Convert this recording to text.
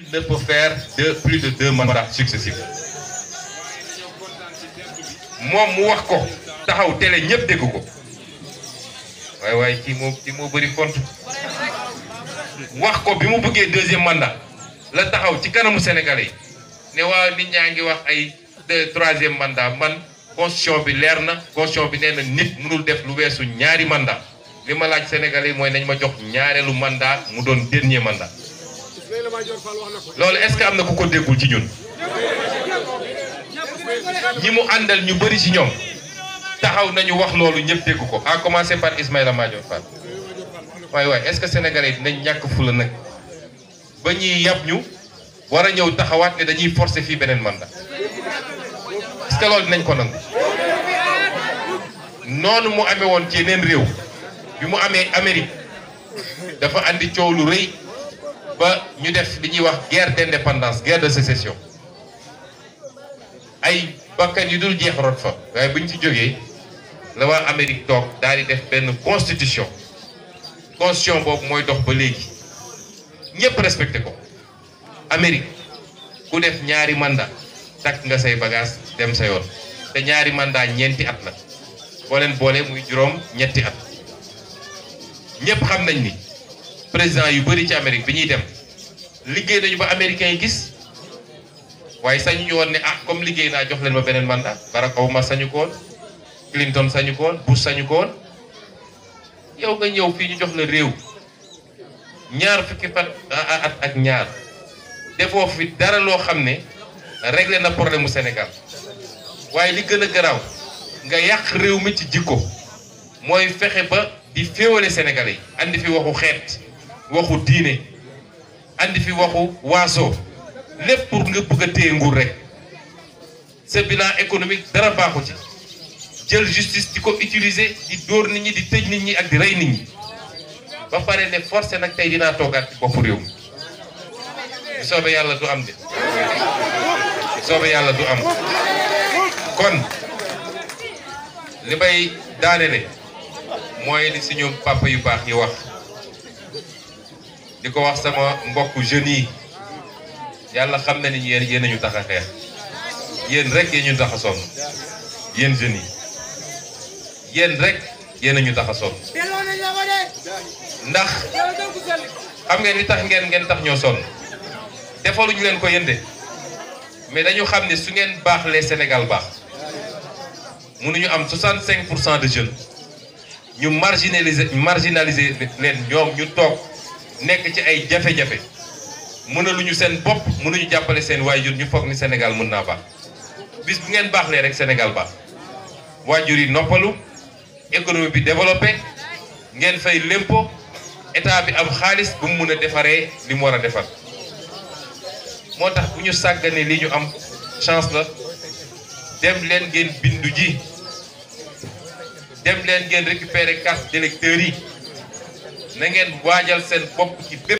Il ne peut moom mu wax ko taxaw télé ñëpp dégg ko waaye waaye kii moo kii moo bëri compte wax ko bi mu buggee deuxième mandat la taxaw ci kanamu Sénégalais yi ne waa nit ñaa ngi wax ay troisième mandat man constitution bi leer na constitution bi nee na nit mënul def lu weesu ñaari mandat li ma laaj Sénégalais yi mooy nañ ma jox ñaareelu mandat mu doon dernier mandat. loolu est-ce que am na ku ko déggul ci ñun ñi mu àndal ñu bari ci ñoom taxaw nañu wax loolu ñëpp dégg ko à commencer par Ismaïla Madior Fall waay waay est-ce que sénégalais yi dinañ ñàkk fula nag ba ñuy yàpp ñu war a ñëw taxawaat ne dañuy forcer fii beneen man la ce que loolu dinañ ko nangu noonu mu amee woon ci neen réew bi mu amee Amérique dafa andi coow lu rëy. ba ñu def li ñuy wax guerre d'indépendance guerre de sécession ay bakkan yu dul jeex rot fa waaye bu ñu ci jógee la waa Amérique toog daal di def benn constitution constitution boobu mooy dox ba léegi ñëpp respecté ko Amérique ku def ñaari mandat takk nga say bagage dem sa yoon te ñaari mandat ñeenti at la boo leen boole muy juróom ñetti at ñëpp xam nañ ni président yu bëri ci Amérique bi ñuy dem liggéey nañu ba américain yi gis waaye sañu ñu ne ah comme liggéey naa jox leen ma beneen mandat Barack Obama sañu ko woon Clinton sañu ko woon sañu ko woon yow nga ñëw fii ñu jox la réew ñaar fukki fan ah, ah, at ak ñaar defoo fi dara loo xam ne réglé na problème mu Sénégal waaye li gën garaaw nga yàq réew mi ci jikko mooy fexe ba di féewale Sénégalais yi fi waxu xeet. waxu diine andi fi waxu waaso lépp nga bëgg a nguur rek sa bilan économique dara baaxu ci jël justice di ko utiliser di dóor nit ñi di tëj nit ñi ak di rey nit ñi ba pare ne forcé nag tey dinaa toogaat ci boppu réew mi soobee yàlla du am de bu soobee yàlla du am kon li bay daane ne mooy li si ñoom papa yu baax yi wax di ko wax sama mbokk jeunes yi yàlla xam na ni yéen yéen ñu tax a xeex yéen rek yéen ñu tax a sonn yéen jeunes yi yéen rek yéen ñu tax a ndax xam ngeen li tax ngeen ngeen tax ñoo sonn defaluñu leen ko yënde mais dañu xam ne su ngeen baax les Sénégal baax mënuñu am cinq pour cent de jeunes ñu marginaliser marginaliser leen ñoom ñu toog. nekk ci ay jafe-jafe mënaluñu seen bopp mënuñu jàppale seen waajur ñu foog ni Sénégal mën naa baax bis bu ngeen baaxlee rek senegal baax waajur yi noppalu économie bi développé ngeen fay lémpo état bi am xaalis bu mu mun a defaree li mu war a defar moo tax ku ñu sàgganee li ñu am chance la dem leen ngeen bindu ji dem leen ngeen récupérer carte d'électeur yi na ngeen waajal seen bopp ci bépp